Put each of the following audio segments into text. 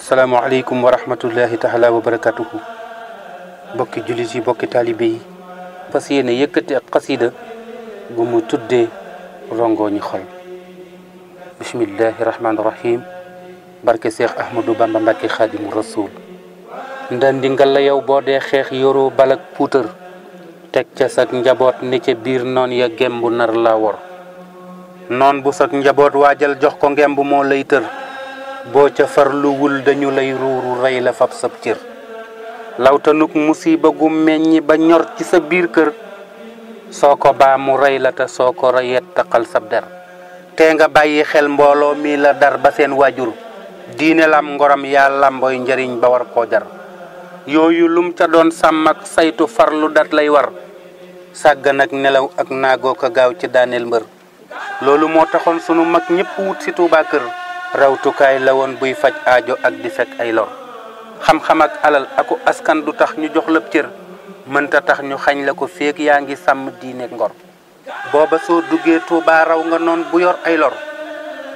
asalaamu aleykum wa rahmatullahi taala wa barakatuhu bokki jullit yi bokki taalibe yi fas yéene yëkkati ak xasida gu mu tuddee rongooñi xol bismillahi rahmaani rahim barke Cheikh Ahmadou Bamba Mbacke xaadimu rasul ndandi nga la yow boo dee xeex yoroo balak puutar teg ca sag njaboot ni ca biir noon ya gembu nar la wor noon bu sag njaboot waajal jox ko ngemb moo lay tër boo ca farluwul dañu lay ruuru rey la fab sab cër ta musiba gu meññi ba ñor ci sa biir kër soo ko mu la te soo ko taqal sab der te nga xel mi la dar ba diine lam ngoram lamboy njariñ ba war jar yooyu lum ca doon sàmm ak saytu farlu dat lay war sàggan ak nelaw ak naagoo ko gaaw ci daaneel mbër loolu moo taxoon sunu mag ñëpp wut si Tuubaa kër rawtukaay la woon buy faj aajo ak di fekk ay lor xam-xam ak alal aku askan du tax ñu jox la cër mënta tax ñu xañ la ko féeg yaa ngi sàmm diine ngor booba soo duggee Tuubaa raw nga noon bu yor ay lor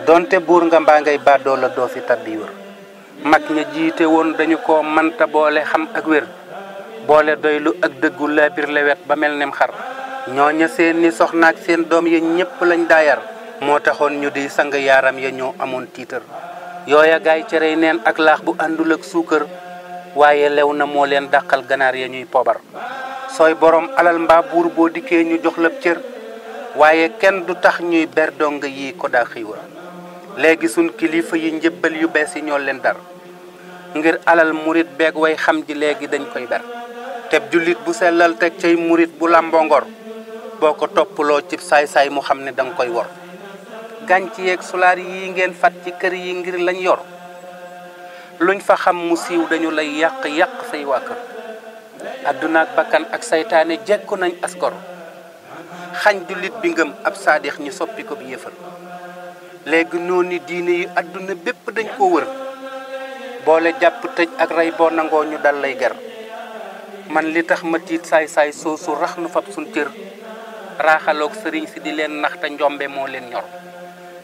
doonte buur nga mbaa ngay bàddoo doo fi tabbi wër mag ña jiite woon dañu ko mënta boole xam ak wér boole doylu ak dëggu laabir lewet ba mel nem xar ñooña seen ni soxna seen doom ya ñépp lañ daayar moo taxoon ñu di sang yaaram ya ñoo amoon tiitar yooya gaay cerey neen ak laax bu àndul ak suukar waaye lew na moo leen dàqal ganaar ya ñuy poobar sooy borom alal mbaa buur boo dikkee ñu jox la cër waaye kenn du tax ñuy berdonga yi ko daa xiiwa léegi suñ kilifa yi njëbbal yu bees yi ñoo leen dar ngir alal murit beeg woy xam ji léegi dañ koy ber teb jullit bu sellal teg cay murit bu làmboo boo ko toppaloo cib saay-saay mu xam ne danga koy wor gànc yeeg sulaar yi ngeen fat ci kër yi ngir lañu yor luñ fa xam mu siiw dañu lay yàq-yàq say waa kër adduna ak bakkan ak saytaane jekku nañ askor xañ jullit bi ngëm ab saadix ñu soppi ko bi yëfal léegi noonu diine yi àdduna bépp dañ koo wër boole jàpp tëj ak rey boo nangoo ñu dal lay ger man li tax ma tiit saay-saay soosu rax nu fab suñ cër raaxaloog sëriñ si di leen nax te njombe moo leen ñor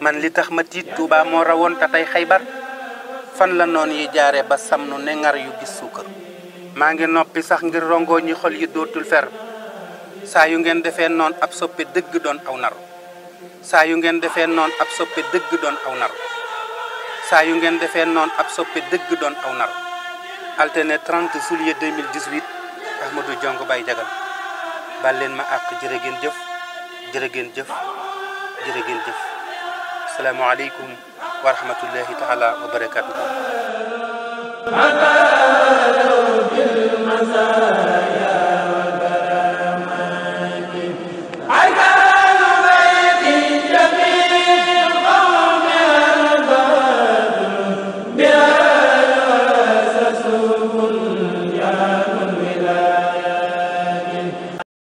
man li tax ma tiit Tuubaa moo rawoon te tey xaybar fan la noon yi jaare ba sam nu ne nar yu gis suukar maa ngi noppi sax ngir rongoo ñi xol yi dootul fer saa yu ngeen defee noon ab soppe dëgg doon aw naru saa yu ngeen defee noon ab soppe dëgg doon aw nar saa yu ngeen defee noon ab soppe dëgg doon aw nar altine 30 juillet 2018 Ahmadou Diongue bay Diagal bal leen ma àq jërë ngeen jëf jërë ngeen jëf jërë ngeen jëf salaamaaleykum wa rahmatullahi taala wa